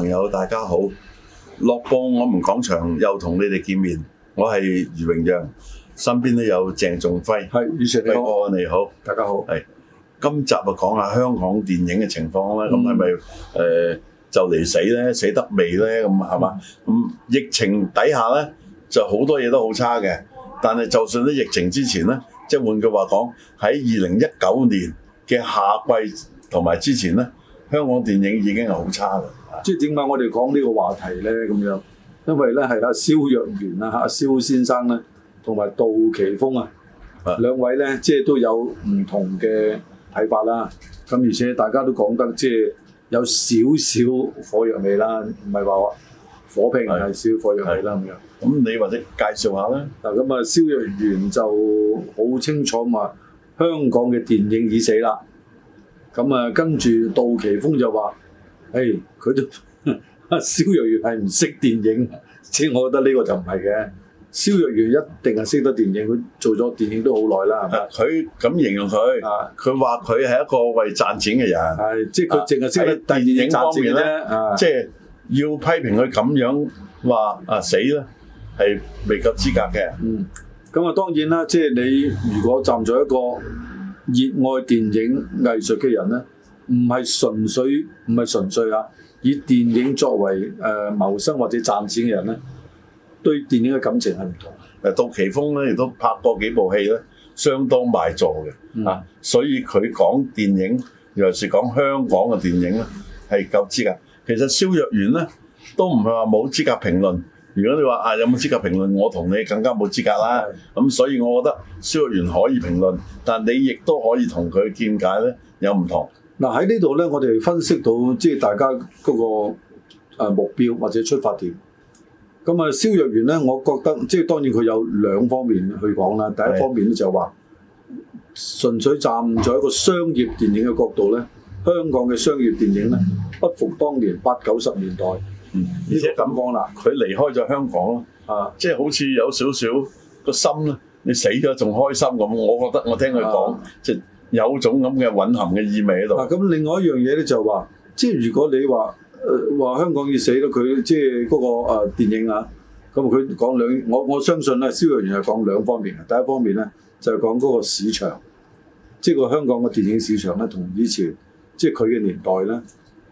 朋友大家好，樂報我們講場又同你哋見面，我係余榮陽，身邊都有鄭仲輝，係，馮大哥你好，大家好，係今集啊講下香港電影嘅情況啦，咁係咪誒就嚟死咧，死得未咧咁係嘛？咁、嗯、疫情底下咧就好多嘢都好差嘅，但係就算喺疫情之前咧，即係換句話講，喺二零一九年嘅夏季同埋之前咧，香港電影已經係好差嘅。即係點解我哋講呢個話題咧？咁樣，因為咧係阿蕭若元啊、阿蕭先生咧，同埋杜琪峯啊兩位咧，即係都有唔同嘅睇法啦。咁、啊、而且大家都講得即係有少少火藥味啦，唔係話火拼係少火藥味啦咁樣。咁你或者介紹一下啦。嗱、啊，咁啊，蕭若元就好清楚嘛、啊，香港嘅電影已死啦。咁啊，跟住杜琪峯就話。誒、哎，佢都蕭若元係唔識電影，即係我覺得呢個就唔係嘅。蕭若元一定係識得電影，佢做咗電影都好耐啦。係咪？佢咁、啊、形容佢，佢話佢係一個為賺錢嘅人。係、啊，即係佢淨係識得電影、啊、電影方面咧。即、啊、係、就是、要批評佢咁樣話啊死啦，係未夠資格嘅。嗯，咁啊當然啦，即、就、係、是、你如果站喺一個熱愛電影藝術嘅人咧。唔係純粹唔係純粹啊，以電影作為誒、呃、謀生或者賺錢嘅人咧，對電影嘅感情係唔同嘅。杜琪峰咧亦都拍過幾部戲咧，相當賣座嘅嚇、啊，所以佢講電影，尤其是講香港嘅電影咧，係夠資格。其實蕭若元咧都唔係話冇資格評論。如果你話啊有冇資格評論，我同你更加冇資格啦。咁所以我覺得蕭若元可以評論，但你亦都可以同佢嘅見解咧有唔同。嗱、啊、喺呢度咧，我哋分析到即係大家嗰、那個、呃、目標或者出發點。咁、嗯、啊，蕭若元咧，我覺得即係當然佢有兩方面去講啦。第一方面咧就話，純粹站在一個商業電影嘅角度咧，香港嘅商業電影咧，不復當年八九十年代。嗯、是這樣呢，而且咁講啦，佢離開咗香港啦、啊就是，啊，即係好似有少少個心咧，你死咗仲開心咁。我覺得我聽佢講。即有種咁嘅隱含嘅意味喺度。咁、啊、另外一樣嘢咧就話、是，即係如果你話，話、呃、香港已死咗佢，即係、那、嗰個電、啊、電影啊，咁佢講兩，我我相信咧、啊，肖揚員係講兩方面嘅。第一方面咧就係、是、講嗰個市場，即係個香港嘅電影市場咧，同以前即係佢嘅年代咧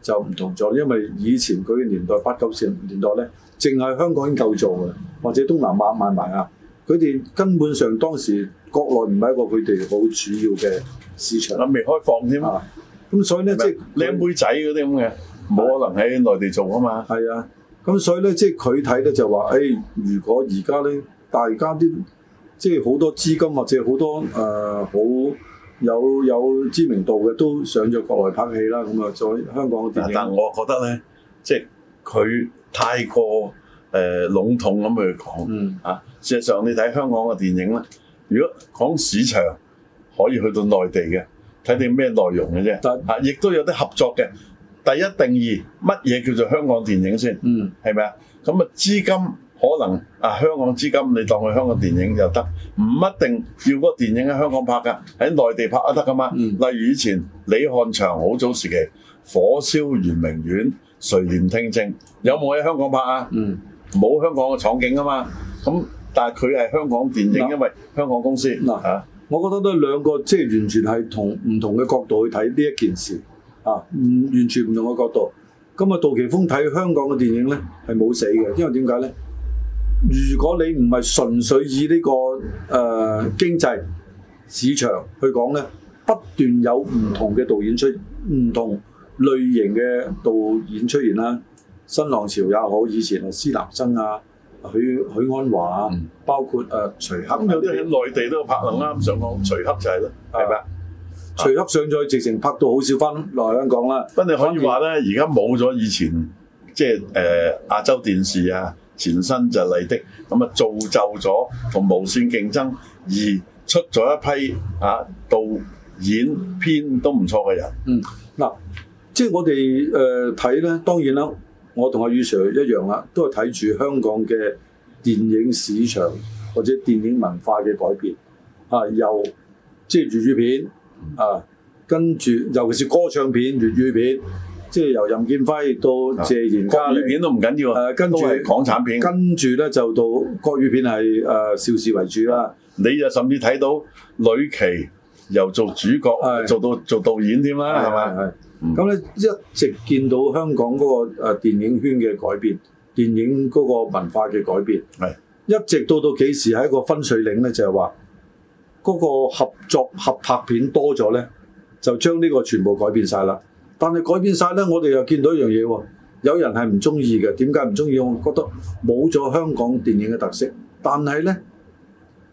就唔同咗，因為以前佢嘅年代八九十年代咧，淨係香港已經夠做嘅，或者東南亞買賣啊，佢哋根本上當時國內唔係一個佢哋好主要嘅。市場沒啊，未開放添啊！咁所以咧，即係靚妹仔嗰啲咁嘅，冇可能喺內地做啊嘛。係啊，咁所以咧，即係佢睇咧就話，誒、欸，如果而家咧，大家啲即係好多資金或者好多誒，好、呃、有有知名度嘅都上咗國內拍戲啦，咁啊，再香港嘅電影。但係我覺得咧，即係佢太過誒、呃、籠統咁去講，嗯啊，事實上你睇香港嘅電影咧，如果講市場。可以去到內地嘅，睇你咩內容嘅啫。嚇、嗯，亦、啊、都有啲合作嘅。第一定義乜嘢叫做香港電影先？嗯，係咪啊？咁啊，資金可能啊香港資金，你當佢香港電影就得，唔一定要嗰個電影喺香港拍噶，喺內地拍都得噶嘛、嗯。例如以前李漢祥好早時期，《火燒圓明園》，《垂簾聽政》有冇喺香港拍啊？嗯，冇香港嘅場景啊嘛。咁但係佢係香港電影、嗯，因為香港公司嗱。嗯啊我覺得都係兩個即係、就是、完全係同唔同嘅角度去睇呢一件事，啊，唔完全唔同嘅角度。咁啊，杜琪峰睇香港嘅電影呢，係冇死嘅，因為點解呢？如果你唔係純粹以呢、這個誒、呃、經濟市場去講呢，不斷有唔同嘅導演出，唔同類型嘅導演出現啦，新浪潮也好，以前係施南生啊。許、許鞍華，嗯、包括誒、啊、徐克、啊，有啲喺內地都有拍啦，咁上港徐克就係咯，係咪啊？徐克上載、啊、直情拍到好少返落香港啦。不過你可以話咧，而家冇咗以前即係誒亞洲電視啊，前身就麗的，咁啊造就咗同無線競爭而出咗一批啊導演編都唔錯嘅人。嗯，嗱、啊，即係我哋誒睇咧，當然啦。我同阿雨 Sir 一樣啦，都係睇住香港嘅電影市場或者電影文化嘅改變，嚇、啊、由即係、就是、粵語片啊，跟住尤其是歌唱片、粵語片，即係由任劍輝到謝賢，粵、啊、語片都唔緊要、啊，跟住港產片。跟住咧就到國語片係誒邵氏為主啦。你就甚至睇到呂奇由做主角做到做導演添啦，係咪？係。咁、嗯、咧一直見到香港嗰個誒電影圈嘅改變，電影嗰個文化嘅改變，係一直到到幾時係一個分水嶺咧？就係話嗰個合作合拍片多咗咧，就將呢個全部改變晒啦。但係改變晒咧，我哋又見到一樣嘢喎，有人係唔中意嘅。點解唔中意？我覺得冇咗香港電影嘅特色。但係咧，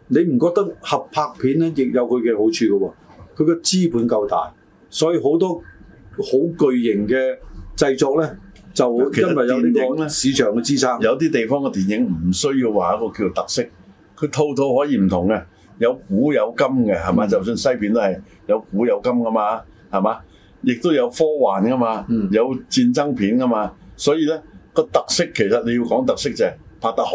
你唔覺得合拍片咧亦有佢嘅好處嘅喎？佢個資本夠大，所以好多。好巨型嘅製作咧，就因為有呢個市場嘅支撐。有啲地方嘅電影唔需要話一個叫做特色，佢套套可以唔同嘅，有古有金嘅，係嘛？嗯、就算西片都係有古有金噶嘛，係嘛？亦都有科幻噶嘛，嗯、有戰爭片噶嘛。所以咧，個特色其實你要講特色就係拍得好，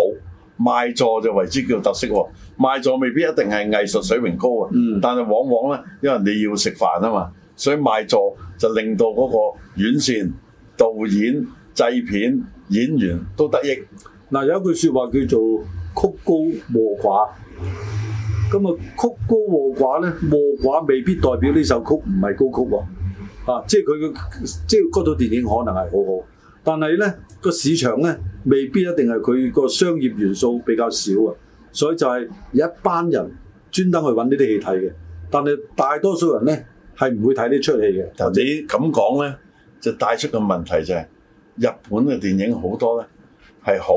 賣座就為之叫特色喎。賣座未必一定係藝術水平高啊，嗯、但係往往咧，因為你要食飯啊嘛。所以賣座就令到嗰個院線、導演、製片、演員都得益、啊。嗱，有一句説話叫做曲高和寡，咁啊曲高和寡咧，和寡未必代表呢首曲唔係高曲啊，即係佢嘅即係嗰套電影可能係好好，但係咧個市場咧未必一定係，佢個商業元素比較少啊，所以就係有一班人專登去揾呢啲戲睇嘅，但係大多數人咧。係唔會睇得出嚟嘅。嗯、你咁講咧，就帶出個問題就係、是，日本嘅電影好多咧係好，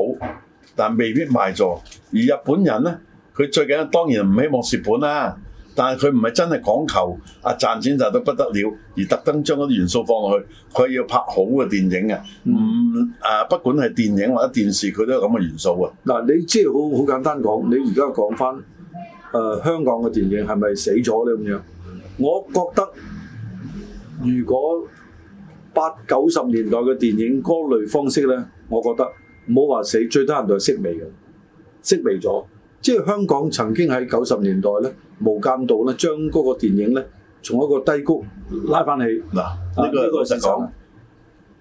但未必賣座。而日本人咧，佢最緊當然唔希望蝕本啦、啊，但係佢唔係真係講求啊賺錢賺到不得了，而特登將嗰啲元素放落去，佢係要拍好嘅電影嘅。唔、嗯、啊，不管係電影或者電視，佢都有咁嘅元素㗎、嗯。嗱，你即係好好簡單講，你而家講翻誒香港嘅電影係咪死咗咧咁樣？我覺得如果八九十年代嘅電影嗰類方式咧，我覺得唔好話死，最多人就係式微嘅，式微咗。即係香港曾經喺九十年代咧，無間道咧，將嗰個電影咧，從一個低谷拉翻起。嗱，呢、啊啊這個老實講。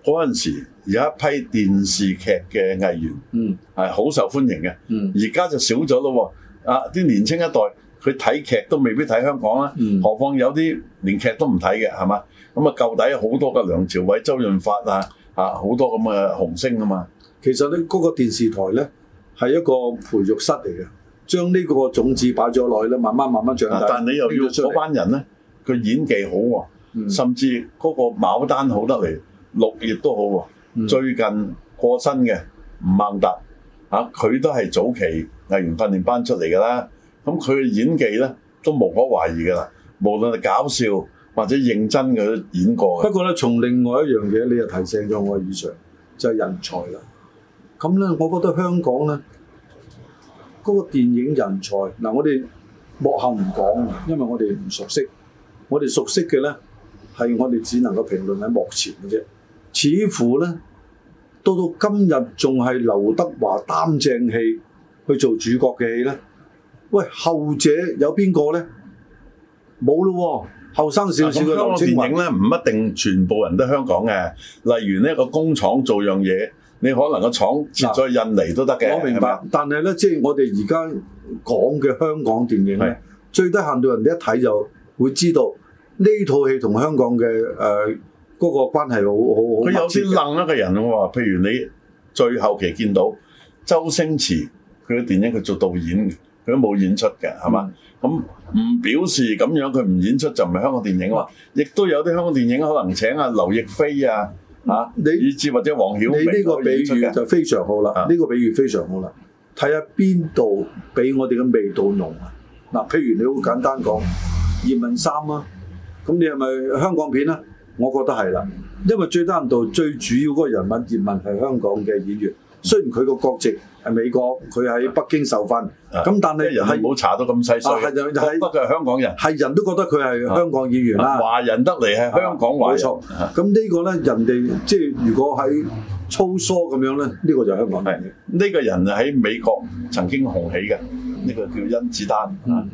嗰陣時有一批電視劇嘅藝員，嗯，係好受歡迎嘅。嗯，而家就少咗咯喎。啊，啲年輕一代。佢睇劇都未必睇香港啦，何況有啲連劇都唔睇嘅係嘛？咁啊，舊底好多嘅梁朝偉、周潤發啊，啊好多咁嘅紅星啊嘛。其實咧，嗰、嗰個電視台咧係一個培育室嚟嘅，將呢個種子擺咗落去咧，慢慢慢慢長大。啊、但你又要嗰班人咧，佢演技好喎、啊，甚至嗰個牡丹好得嚟，綠葉都好喎、啊。最近過身嘅吳孟達啊，佢都係早期藝員訓練班出嚟㗎啦。咁佢嘅演技咧，都無可懷疑㗎啦。無論係搞笑或者認真嘅演過。不過咧，從另外一樣嘢，你又提醒咗我以上，就係人才啦。咁咧，我覺得香港咧，嗰個電影人才嗱，我哋幕後唔講，因為我哋唔熟悉。我哋熟悉嘅咧，係我哋只能夠評論喺幕前嘅啫。似乎咧，到到今日仲係劉德華擔正戲去做主角嘅戲咧。喂，後者有邊個咧？冇咯、啊，後生少少嘅香港電影咧唔一定全部人都香港嘅，例如呢個工廠做樣嘢，你可能個廠設咗印尼都得嘅、啊。我明白，是但係咧，即係我哋而家講嘅香港電影咧，最低限度人哋一睇就會知道呢套戲同香港嘅誒嗰個關係好好好。佢有啲愣一個人喎、啊，譬如你最後期見到周星馳佢嘅電影，佢做導演嘅。佢都冇演出嘅，係、嗯、嘛？咁唔表示咁樣佢唔演出就唔係香港電影啊嘛！亦、嗯、都有啲香港電影可能請阿劉亦菲啊，以你，啊、以至或者黃曉明。你呢個比喻就非常好啦，呢、啊呢個比喻非常好啦。睇下邊度俾我哋嘅味道濃啊！嗱、啊，譬如你好簡單講葉問三啦、啊，咁你係咪香港片啊？我覺得係啦，因為最單獨最主要嗰個人物葉問係香港嘅演員。雖然佢個國籍係美國，佢喺北京受訓，咁但係人冇查到咁細碎。係係，不過係香港人，係人都覺得佢係香港演員啦、啊啊。華人得嚟係香港華人。啊、冇錯，咁、啊、呢個咧，人哋即係如果喺粗疏咁樣咧，呢、呢個就香港人。呢、呢個人喺美國曾經紅起嘅，呢、嗯呢個叫甄子丹。嗯、啊、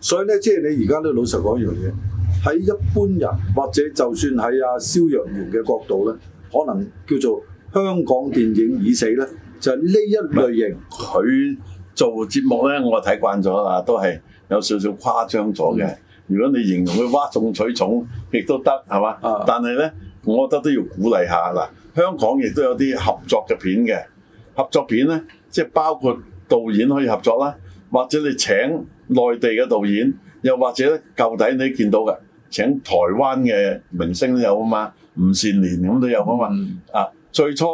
所以咧，即係你而家都老實講一樣嘢，喺一般人或者就算喺阿蕭若元嘅角度咧，可能叫做。香港電影已死咧，就係、是、呢一類型佢做節目咧，我睇慣咗啊，都係有少少誇張咗嘅、嗯。如果你形容佢嘩眾取寵，亦都得係嘛？但係咧，我覺得都要鼓勵一下嗱。香港亦都有啲合作嘅片嘅，合作片咧，即係包括導演可以合作啦，或者你請內地嘅導演，又或者舊底你見到嘅請台灣嘅明星都有啊嘛，吳倩蓮咁都有啊嘛、嗯、啊！最初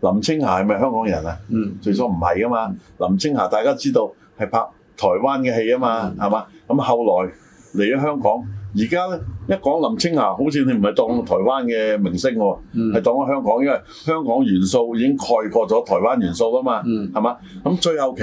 林青霞係咪香港人啊？嗯，最初唔係噶嘛。林青霞大家知道係拍台灣嘅戲啊嘛，係、嗯、嘛？咁、啊、後來嚟咗香港，而家一講林青霞，好似你唔係當台灣嘅明星喎、啊，係、嗯、當咗香港，因為香港元素已經概括咗台灣元素啊嘛，係、嗯、嘛？咁、啊、最後期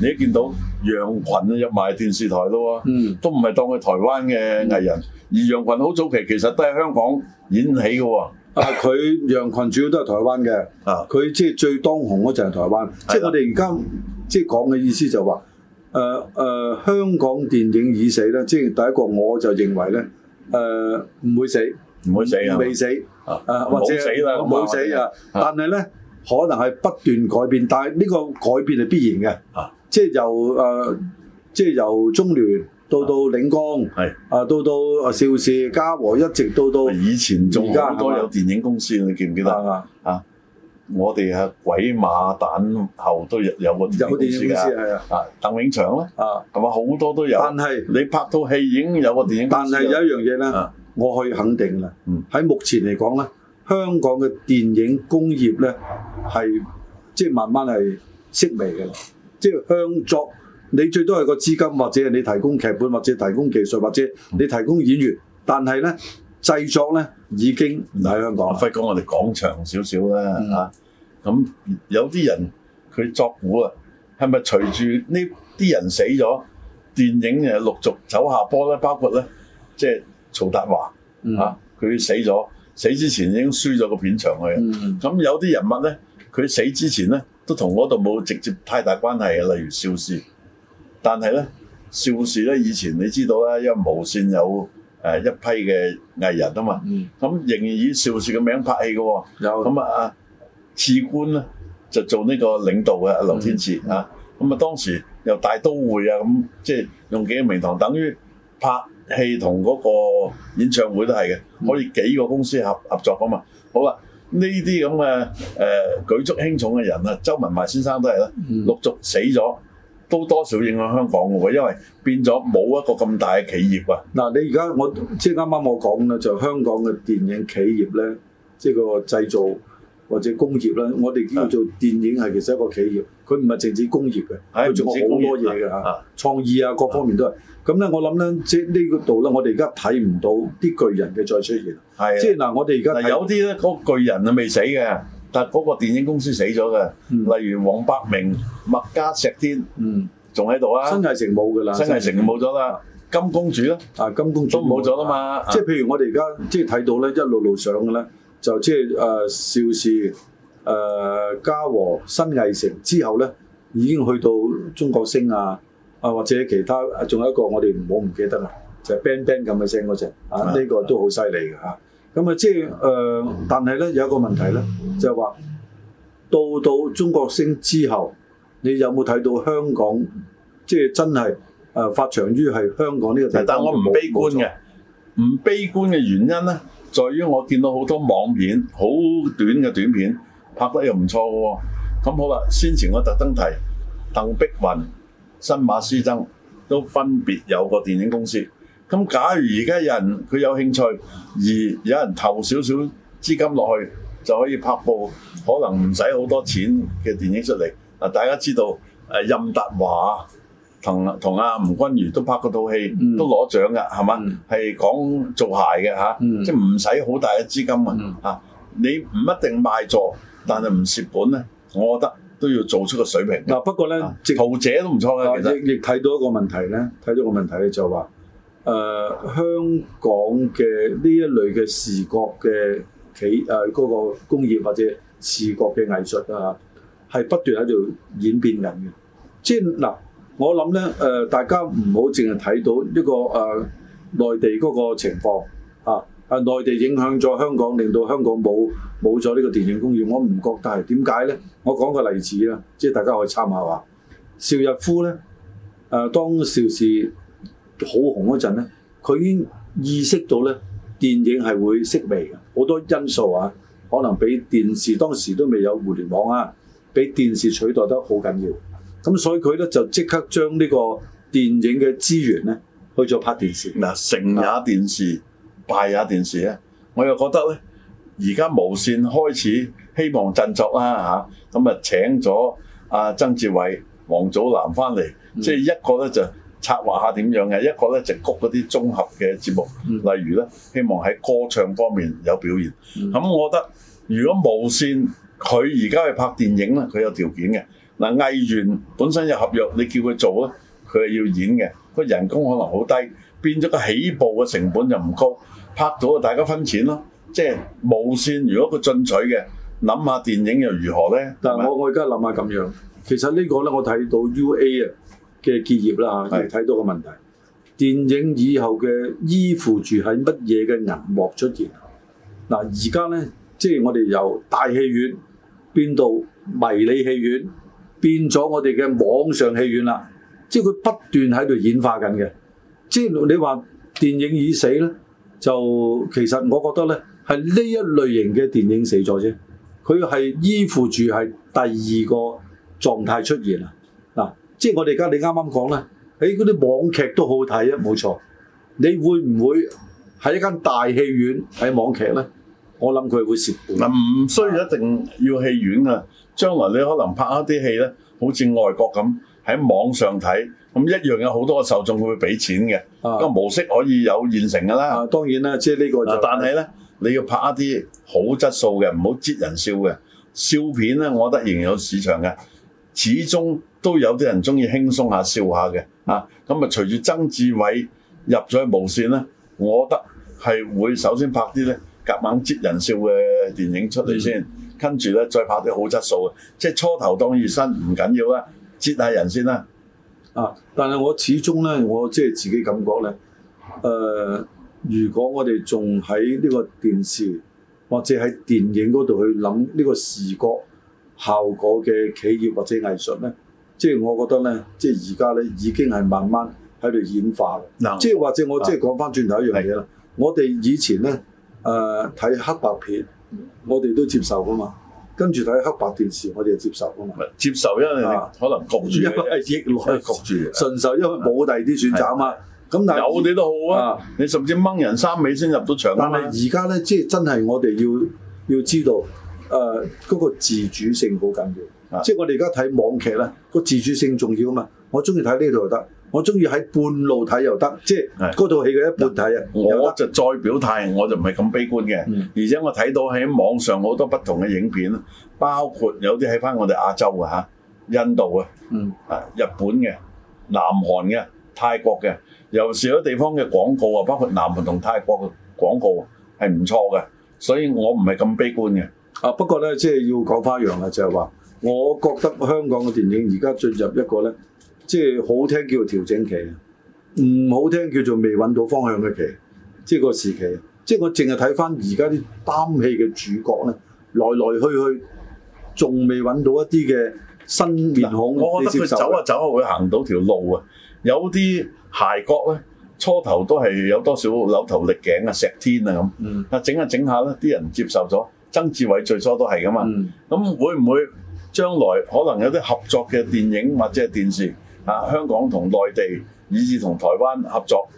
你一見到楊群入埋電視台咯、啊嗯，都唔係當佢台灣嘅藝人，嗯、而楊群好早期其實都係香港演起嘅喎。啊！佢羊群主要都係台灣嘅，佢即係最當紅嗰陣係台灣。即係、就是、我哋而家即係講嘅意思就話，誒、呃、誒、呃、香港電影已死咧。即、就、係、是、第一個我就認為咧，誒、呃、唔會死，唔會死，不是未死，誒、啊啊、或者冇死啦，冇死啊！死啊啊，但係咧可能係不斷改變，但係呢個改變係必然嘅，即、啊、係、就是、由誒即係由中聯。到到領江，係啊，到到邵氏、嘉禾，一直到到以前仲好多有電影公司，你記唔記得啊？啊，我哋係鬼馬蛋後都有有個電影公司係啊，啊，啊，鄧永祥咧啊，同埋好多都有。但係你拍套戲已經有個電影公司。但係有一樣嘢咧，我可以肯定啦。嗯。喺目前嚟講咧，香港嘅電影工業咧係即係慢慢係式微嘅，即係香作。你最多係個資金，或者係你提供劇本，或者提供技術，或者你提供演員。但係咧，製作咧已經唔喺香港。可以講我哋講長少少啦。嚇、嗯。咁、啊、有啲人佢作古啊，係咪隨住呢啲人死咗，電影誒陸續走下坡咧？包括咧，即係曹達華嚇，佢、嗯啊、死咗，死之前已經輸咗個片場去。咁、嗯、有啲人物咧，佢死之前咧，都同嗰度冇直接太大關係嘅，例如邵氏。但係咧，邵氏咧以前你知道啦，因為無線有一批嘅藝人啊嘛，咁、嗯、仍然以邵氏嘅名拍戲嘅喎、哦，咁啊啊，次官咧就做呢個領導嘅劉天賜、嗯、啊，咁、嗯、啊、嗯、當時又大都會啊咁，即係用幾個名堂，等於拍戲同嗰個演唱會都係嘅，可以幾個公司合合作啊嘛。好啦，呢啲咁嘅誒舉足輕重嘅人啊，鄒文懷先生都係啦、嗯，陸續死咗。都多少影響香港嘅喎，因為變咗冇一個咁大嘅企業啊！嗱，你而家我即係啱啱我講咧，就香港嘅電影企業咧，即係個製造或者工業啦，我哋叫做電影係其實一個企業，佢唔係淨止工業嘅，佢做好多嘢㗎吓，創意啊各方面都係。咁咧，我諗咧，即係呢個度咧，我哋而家睇唔到啲巨人嘅再出現。係即係嗱、啊，我哋而家有啲咧，嗰巨人啊未死嘅。但嗰個電影公司死咗嘅，例如黃百鳴、麥嘉石天，嗯，仲喺度啊。新藝城冇㗎啦，新藝城冇咗啦。金公主咧，啊，金公主都冇咗啦嘛。即係譬如我哋而家即係睇到咧，一路路上嘅咧、啊，就即係誒邵氏、誒嘉禾、新藝城之後咧，已經去到中國星啊，啊或者其他，仲有一個我哋唔好唔記得啦，就係、是、bang bang 咁嘅聲嗰隻、那個，啊呢、啊這個都好犀利嘅嚇。咁啊、就是，即係誒，但係咧有一個問題咧，就係、是、話到到中國星之後，你有冇睇到香港即係、就是、真係誒、呃、發祥於係香港呢個地方？但我唔悲觀嘅，唔悲觀嘅原因咧，在於我見到好多網片，好短嘅短片拍得又唔錯喎。咁好啦，先前我特登提鄧碧雲、新馬師曾都分別有個電影公司。咁假如而家有人佢有興趣，而有人投少少資金落去，就可以拍部可能唔使好多錢嘅電影出嚟。嗱，大家知道，任達華同同阿吳君如都拍過套戲，都攞獎㗎，係、嗯、嘛？係講做鞋嘅即係唔使好大嘅資金、嗯、啊。你唔一定賣座，但係唔蝕本咧，我覺得都要做出個水平。嗱、啊，不過咧，桃姐都唔錯嘅、啊。其實亦睇到一個問題咧，睇到個問題咧就話、係。誒、呃、香港嘅呢一類嘅視覺嘅企誒嗰、呃嗰個工業或者視覺嘅藝術啊，係不斷喺度演變緊嘅。即係嗱，我諗咧誒，大家唔好淨係睇到一、呢個誒、呃、內地嗰個情況啊，啊內地影響咗香港，令到香港冇冇咗呢個電影工業。我唔覺得係點解咧？我講個例子啦，即係大家可以參考下邵逸夫咧誒、呃，當邵氏好紅嗰陣咧，佢已經意識到咧，電影係會式微嘅，好多因素啊，可能畀電視當時都未有互聯網啊，畀電視取代得好緊要。咁所以佢咧就即刻將呢個電影嘅資源咧去咗拍電視。嗱，成也電視，啊、敗也電視啊電視！我又覺得咧，而家無線開始希望振作啦，吓咁啊請咗阿、啊、曾志偉、王祖藍翻嚟，即、嗯、係、就是、一個咧就。策劃下點樣嘅一個咧，就是、谷嗰啲綜合嘅節目，嗯、例如咧，希望喺歌唱方面有表現。咁、嗯、我覺得，如果無線佢而家去拍電影咧，佢有條件嘅。嗱，藝員本身有合約，你叫佢做咧，佢係要演嘅。個人工可能好低，變咗個起步嘅成本就唔高。拍到啊，大家分錢咯。即係無線，如果佢進取嘅，諗下電影又如何咧？但係我我而家諗下咁樣，其實呢個咧，我睇到 UA 啊嘅結業啦嚇，睇到個問題，電影以後嘅依附住喺乜嘢嘅銀幕出現？嗱，而家咧，即係我哋由大戲院變到迷你戲院，變咗我哋嘅網上戲院啦，即係佢不斷喺度演化緊嘅。即係你話電影已死咧，就其實我覺得咧，係呢一類型嘅電影死咗啫，佢係依附住係第二個狀態出現啊。即係我哋而家你啱啱講咧，誒嗰啲網劇都好睇啊，冇錯。你會唔會喺一間大戲院睇網劇咧？我諗佢會蝕。嗱，唔需要一定要戲院啊。將來你可能拍一啲戲咧，好似外國咁喺網上睇，咁一樣有好多個受眾會畀俾錢嘅。啊這個模式可以有現成㗎啦，啊。當然啦，即係呢個、就是，但係咧，你要拍一啲好質素嘅，唔好接人笑嘅笑片咧，我覺得仍有市場嘅，始終。都有啲人中意輕鬆下笑下嘅，啊咁啊！隨住曾志偉入咗去無線咧，我覺得係會首先拍啲咧夾硬接人笑嘅電影出嚟先，嗯、跟住呢，再拍啲好質素嘅，即係初頭當熱身唔緊要啦，接下人先啦，啊！但係我始終呢，我即係自己感覺呢。誒、呃，如果我哋仲喺呢個電視或者喺電影嗰度去諗呢個視覺效果嘅企業或者藝術呢。即係我覺得咧，即係而家咧已經係慢慢喺度演化嘅、嗯。即係或者我即係講翻轉頭一樣嘢啦。我哋以前咧誒睇黑白片，我哋都接受噶嘛。跟住睇黑白電視，我哋就接受㗎嘛。接受因為可能焗住啊，係益嚟焗住。純粹因為冇第二啲選擇啊嘛。咁但係有你都好啊，啊。你甚至掹人衫尾先入到場。但係而家咧，即係真係我哋要要知道誒嗰、呃嗰個自主性好緊要。即係我哋而家睇網劇咧，呢個自主性重要啊嘛！我中意睇呢套又得，我中意喺半路睇又得。即係嗰套戲嘅一半睇啊，我就再表態，我就唔係咁悲觀嘅、嗯。而且我睇到喺網上好多不同嘅影片，包括有啲喺翻我哋亞洲嘅、啊、印度嘅、嗯，啊日本嘅、南韓嘅、泰國嘅，尤其係有啲地方嘅廣告啊，包括南韓同泰國嘅廣告係唔錯嘅，所以我唔係咁悲觀嘅。啊不過咧，即係要講花樣啦，就係話。我覺得香港嘅電影而家進入一個咧，即係好聽叫做調整期啊，唔好聽叫做未揾到方向嘅期，即係個時期，即係我淨係睇翻而家啲擔戲嘅主角咧，來來去去仲未揾到一啲嘅新面孔。我覺得佢走啊走啊，會行到條路啊！有啲鞋角咧，初頭都係有多少扭頭力頸啊、石天啊咁。嗯。啊，整下整下咧，啲人接受咗。曾志偉最初都係㗎嘛。嗯。咁會唔會？將來可能有啲合作嘅電影或者係電視啊，香港同內地，以至同台灣合作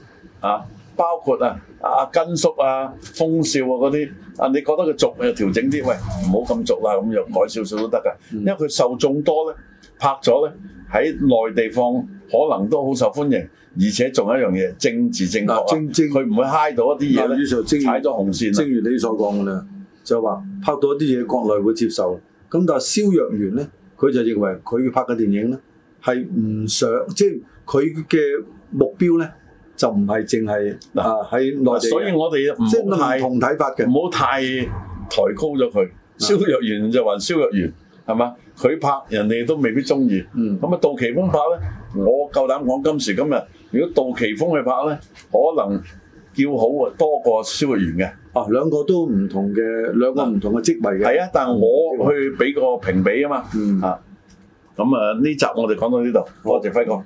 啊，包括啊阿根叔啊、風少啊嗰啲啊，你覺得佢俗又調整啲，喂唔好咁俗啦，咁又改少少都得噶，因為佢受眾多咧，拍咗咧喺內地放可能都好受歡迎，而且仲有一樣嘢政治正確啊，佢唔會嗨到一啲嘢咧，踩咗紅線了，正如你所講嘅啦，就話拍到一啲嘢國內會接受。咁但係蕭若元咧，佢就認為佢拍嘅電影咧係唔想，即係佢嘅目標咧就唔係淨係嗱，啊啊、內地，所以我哋唔同睇法嘅，唔好太抬高咗佢、啊。蕭若元就話蕭若元係嘛，佢拍人哋都未必中意。咁、嗯、啊，杜琪峰拍咧、嗯，我夠膽講今時今日，如果杜琪峰去拍咧，可能。叫好啊，多個銷售員嘅、啊，啊兩個都唔同嘅兩個唔同嘅職位嘅，係啊，啊，但係我去俾個評比啊嘛，嗯、啊咁啊呢集我哋講到呢度，多謝，謝輝哥。